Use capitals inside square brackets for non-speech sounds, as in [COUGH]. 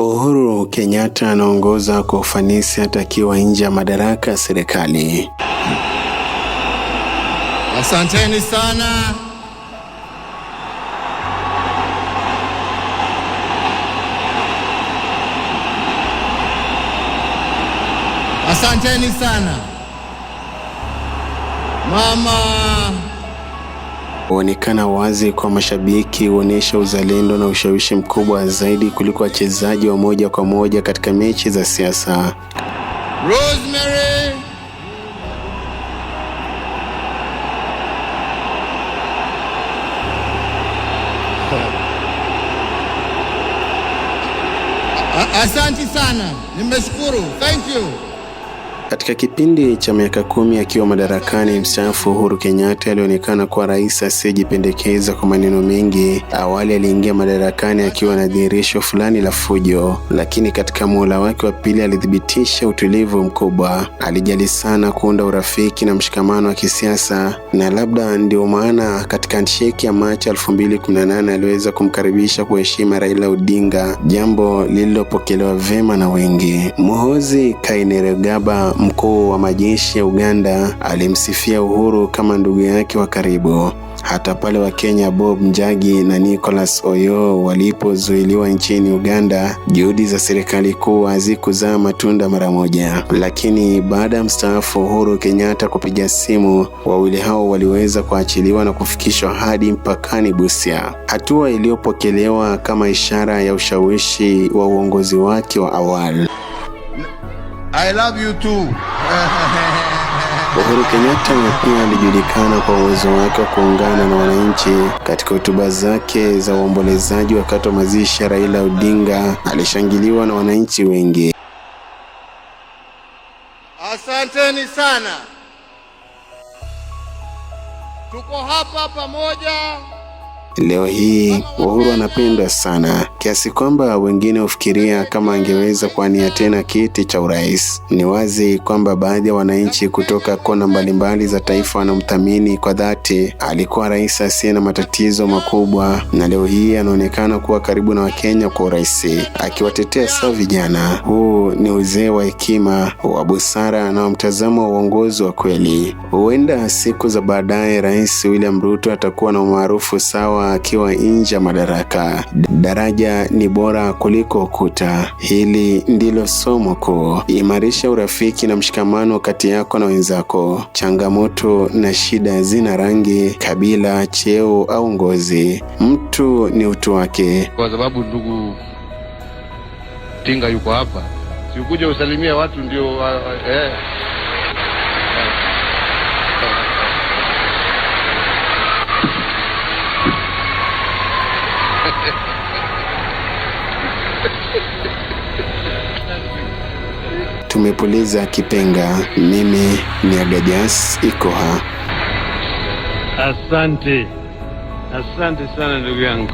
Uhuru Kenyatta anaongoza kwa ufanisi hata akiwa nje ya madaraka ya serikali. Asanteni sana. Asanteni sana. Mama huonekana wazi kwa mashabiki, huonyesha uzalendo na ushawishi mkubwa zaidi kuliko wachezaji wa moja kwa moja katika mechi za siasa. Rosemary [LAUGHS] Asante sana, nimeshukuru. Thank you. Katika kipindi cha miaka kumi akiwa madarakani, mstaafu Uhuru Kenyatta alionekana kuwa rais asiyejipendekeza kwa maneno mengi. Awali aliingia madarakani akiwa na dhihirisho fulani la fujo, lakini katika muhula wake wa pili alithibitisha utulivu mkubwa. Alijali sana kuunda urafiki na mshikamano wa kisiasa, na labda ndio maana katika handshake ya Machi 2018 aliweza kumkaribisha kwa heshima Raila Odinga, jambo lililopokelewa vema na wengi. Muhoozi Kainerugaba mkuu wa majeshi ya Uganda alimsifia Uhuru kama ndugu yake wa karibu. Hata pale Wakenya Bob Njagi na Nicholas Oyo walipozuiliwa nchini Uganda, juhudi za serikali kuu hazikuzaa matunda mara moja. Lakini baada ya mstaafu Uhuru Kenyatta kupiga simu, wawili hao waliweza kuachiliwa na kufikishwa hadi mpakani Busia, hatua iliyopokelewa kama ishara ya ushawishi wa uongozi wake wa awali. I love you too. [LAUGHS] Uhuru Kenyatta pia alijulikana kwa uwezo wake wa kuungana na wananchi. Katika hotuba zake za uombolezaji wakati wa mazishi ya Raila Odinga, alishangiliwa na wananchi wengi. Asanteni sana. Tuko hapa pamoja Leo hii Uhuru anapendwa sana kiasi kwamba wengine hufikiria kama angeweza kuania tena kiti cha urais. Ni wazi kwamba baadhi ya wananchi kutoka kona mbalimbali za taifa wanamthamini kwa dhati. Alikuwa rais asiye na matatizo makubwa, na leo hii anaonekana kuwa karibu na Wakenya kwa urahisi, akiwatetea saa vijana. Huu ni uzee wa hekima, wa busara na mtazamo wa uongozi wa kweli. Huenda siku za baadaye Rais William Ruto atakuwa na umaarufu sawa akiwa nje ya madaraka. Daraja ni bora kuliko ukuta. Hili ndilo somo kuu. Imarisha urafiki na mshikamano kati yako na wenzako. Changamoto na shida zina rangi, kabila, cheo au ngozi. Mtu ni utu wake. Kwa sababu ndugu Tinga yuko hapa, siukuja usalimia watu ndio eh. eh. Tumepuliza kipenga. Mimi ni Agajas Ikoha. Asante, asante sana ndugu yangu.